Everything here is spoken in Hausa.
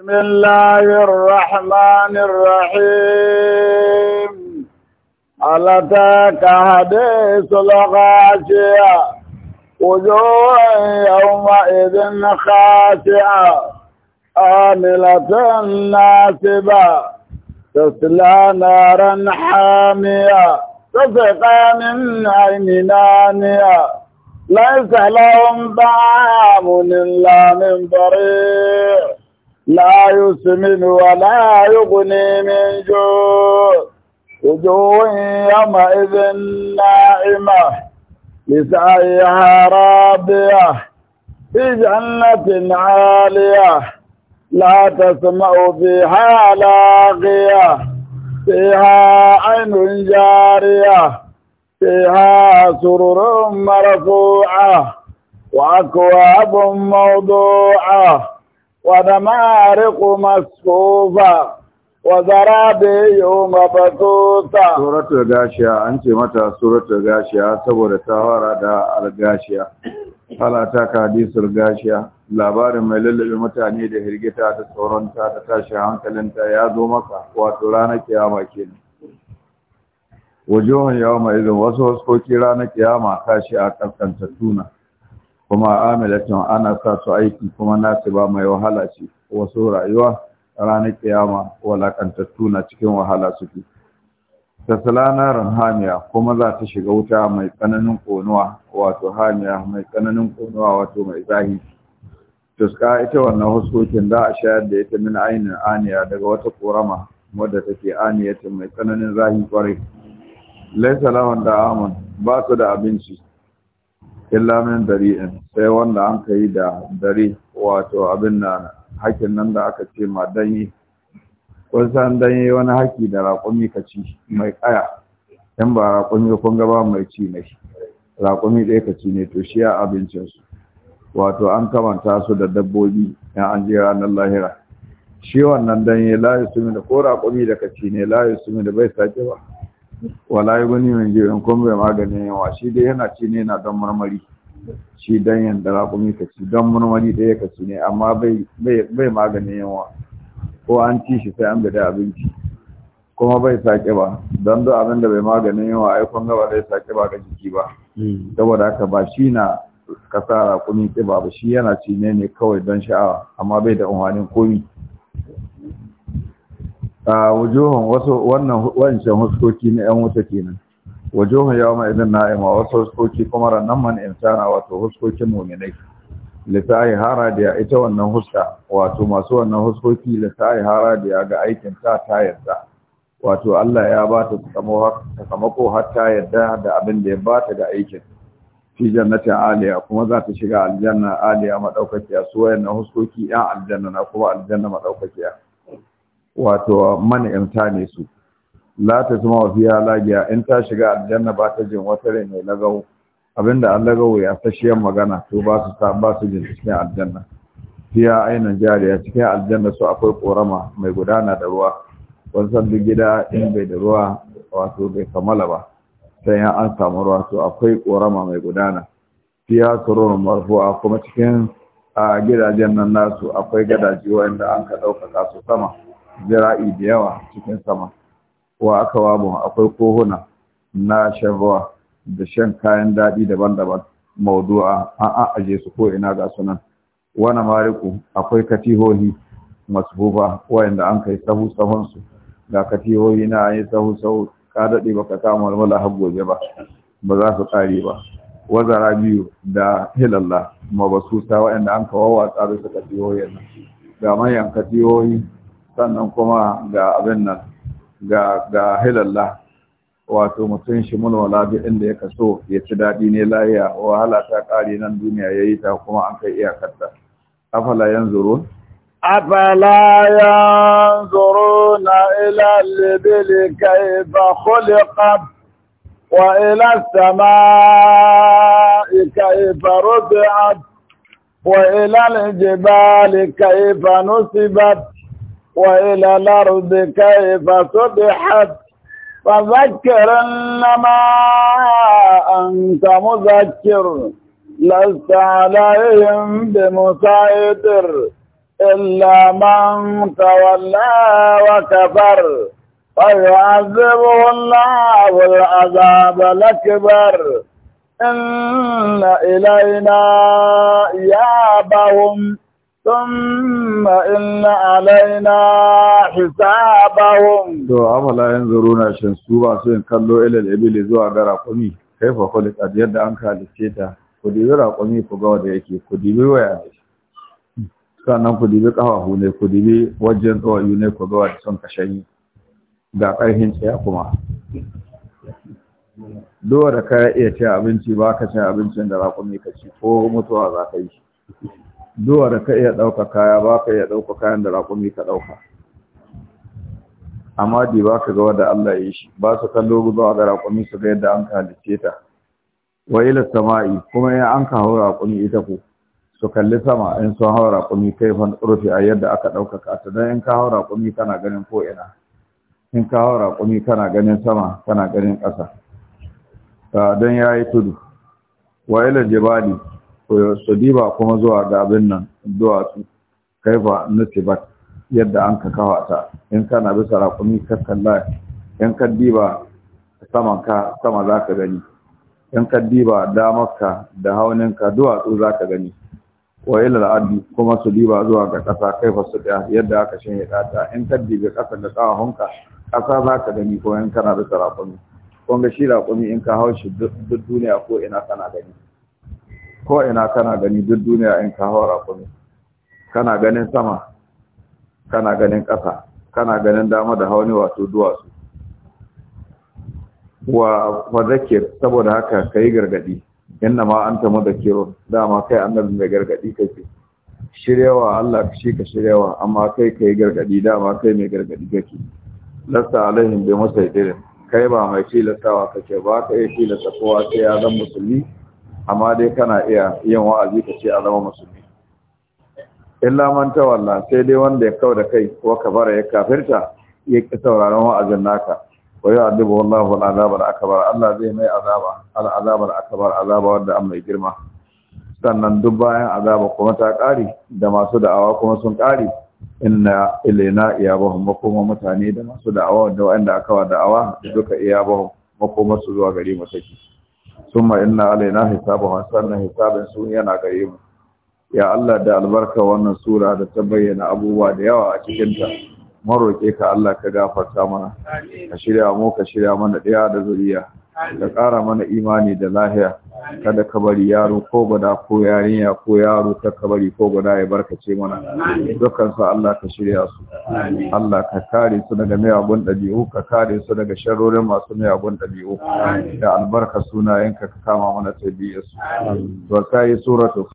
بسم الله الرحمن الرحيم على تاك حديث الغاشية وجوه يومئذ خاشعة آملة ناسبة تسلى نارا حامية تسقى من عين نانية ليس لهم طعام إلا من ضريع لا يسمن ولا يغني من جوع وجوه يومئذ ناعمة لسعيها رابية في جنة عالية لا تسمع فيها لاغية فيها عين جارية فيها سرر مرفوعة وأكواب موضوعة ونمارق مصفوفة وزرابي مبثوثة سورة الغاشية أنت متى سورة الغاشية سورة تهارة الغاشية هل أتاك حديث الغاشية labarin mai lullube mutane da hirgita da ta da tashin hankalinta ya zo maka wato ranar kiyama ke ne wajohun yawon mai izin wasu waskoki ranar kiyama tashi a ƙasƙantattuna kuma amilatun ana sa su aiki kuma nasiba ba mai wahala ce wasu rayuwa ranar kiyama walakantattu na cikin wahala suke tasalana hamiya kuma za ta shiga wuta mai tsananin konuwa wato hamiya mai tsananin konuwa wato mai zahi tuska ita wannan huskokin za a shayar da ita min ainihin aniya daga wata korama wadda take aniyatin mai tsananin zahi kwarai laisa lawan da amun ba su da abinci illa min dari'in sai wanda an kai da dari wato abin na hakin nan da aka ce ma danyi kun san danyi wani haki da raƙumi ka ci mai kaya in ba raƙumi kun ga ba mai ci ne raƙumi ɗaya ka ci ne to shi ya abincin su wato an kamanta su da dabbobi in an je nan lahira shi wannan danye la yusumi da ko raƙumi da ka ci ne la yusumi da bai sake ba wala yi gani mai jirin kuma bai maganin yawa shi dai yana ci ne na don marmari shi dan yin da raƙumi ka ci don marmari ɗaya ka ci ne amma bai maganin yawa ko an ci shi sai an gada abinci kuma bai sake ba don da abin da bai maganin yawa ai kun gaba zai sake ba ga jiki ba hmm. saboda haka ba shi na kasa raƙumi ƙiba ba shi yana ci ne ne kawai don sha'awa amma bai da umarnin komi wujuhun wasu wannan wancan huskoki na yan wuta kenan wujuhun yawma idan na'ima wasu huskoki kuma rannan man insana wato huskokin mu'minai lisa'i haradiya ita wannan huska wato masu wannan huskoki lisa'i haradiya ga aikin ta ta yarda wato Allah ya ba ta sakamako har ta yarda da abin da ya ba ta ga aikin fi jannatin aliya kuma za ta shiga aljanna aliya madaukakiya su wayannan huskoki yan aljanna na kuma aljanna madaukakiya wato yanta ne su la ta zama wa fiya lagiya in ta shiga aljanna ba ta jin wata rai mai lagawo abinda an lagawo ya sashiyar magana to ba su ta ba su jin cikin aljanna fiya ainihin jariya cikin aljanna su akwai korama mai gudana da ruwa wani sabbin gida in bai da ruwa wato bai kammala ba sai an samu ruwa to akwai korama mai gudana fiya tsoron marfu'a kuma cikin a gidajen nan nasu akwai gadaji wanda an ka ɗaukaka su sama zira'i da yawa cikin sama wa aka wabu akwai kohuna na shan ruwa da shan kayan daɗi daban-daban maudu'a an aje su ko ina ga sunan wani mariku akwai katihohi masbuba wayanda an kai sahu sahun su ga katihohi na yi sahu sahu ka daɗe baka samu walwala har gobe ba ba za su ƙare ba wazara biyu da hilalla mabasusa wayanda an kawo wa bisa katihohin nan ga manyan katihohi sannan kuma ga abin nan ga ga hilalla wato mutum shi wala duk inda ya kaso ya ci daɗi ne lafiya, wahala ta ƙare nan duniya ya yi ta kuma an kai iyakarta afala yanzurun أفلا ينظرون إلى الإبل كيف خلقت وإلى السماء كيف رفعت وإلى الجبال كيف نصبت وإلى الأرض كيف صبحت فذكر إنما أنت مذكر لست عليهم بمسيطر إلا من تولى وكفر فيعذبه الله العذاب الأكبر إن إلينا إيابهم ثم إن علينا حسابهم to afala ينظرون shin su ba su yin kallo ilal ibili zuwa ga raƙumi kaifa khuliqat yadda an kalice ta ku dibi raƙumi ku ga yake ku waya ne sannan ku dibi ƙafafu ne ku dibi wajen tsawayu ne ku gawa da son kashayi ga ƙarfin tsaya kuma dole da ka iya cin abinci ba ka cin abincin da raƙumi ka ci ko mutuwa za ka yi duwa da ka iya ɗauka kaya ba ka iya ɗauka kayan da raƙumi ka ɗauka amma di ba ka ga wadda Allah ya yi shi ba su kallo zuwa ga raƙumi su ga yadda an ka halicce ta wa ila sama'i kuma in an ka haura raƙumi ita ku su kalli sama in sun haura raƙumi kai fa rufi a yadda aka ɗaukaka ta dan in ka haura raƙumi kana ganin ko ina in ka haura raƙumi kana ganin sama kana ganin ƙasa ah, don ya yi tudu wa ila jibali su diba kuma zuwa ga abin nan duwatsu kaifa nutibat yadda an ka kawa ta in na bisa rakumi ka kalla in ka diba saman ka sama za ka gani in ka diba damarka da haunin ka duwatsu za ka gani wa ila al'adu kuma su diba zuwa ga ƙasa kaifa su ɗaya yadda aka shanye ta in ka diba ƙasa da ka ƙasa za ka gani ko in kana bisa rakumi kun ga shi raƙumi in ka hau shi duk duniya ko ina kana gani ko ina kana gani duk duniya in ka haura kuma kana ganin sama kana ganin ƙasa kana ganin dama da hauni wato duwatsu wa fadakir saboda haka kai gargadi inna ma anta mudakirun dama kai annabi mai gargadi kake shiryawa Allah shi ka shiryawa amma kai kai gargadi dama kai mai gargadi kake lasta alaihim bi musaidirin kai ba mai tilastawa kake ba ka yi tilata kowa sai ya zan musulmi amma dai kana iya yin wa'azi ka ce a zama musulmi illa man walla sai dai wanda ya kau da kai ko kabara ya kafirta ya ki sauraron wa'azin naka wa yu'adibu ala al'azab aka akbar Allah zai mai azaba al-azab aka azaba wanda an mai girma sannan duk bayan azaba kuma ta kari da masu da'awa kuma sun kari inna ilaina iyabahum makoma mutane da masu da'awa da wanda aka wa da'awa duka iyabahum makoma su zuwa gari mu summa inna hisaba hisabahum na hisabin su yana gare mu ya Allah da albarka wannan sura da ta bayyana abubuwa da yawa a cikin ta mun roke ka Allah ka gafarta mana ka shirya mu ka shirya mana daya da zuriya ka ƙara mana imani da lahiya kada ka bari yaro ko gada ko yarinya ko yaro ta ka bari ko guda ya barkace mana dukkan su Allah ka shirya su Allah ka kare su daga miyagun ɗabi'u ka kare su daga sharorin masu miyagun ɗabi'u da albarka sunayenka ka kama mana tabi'a su wa kai suratu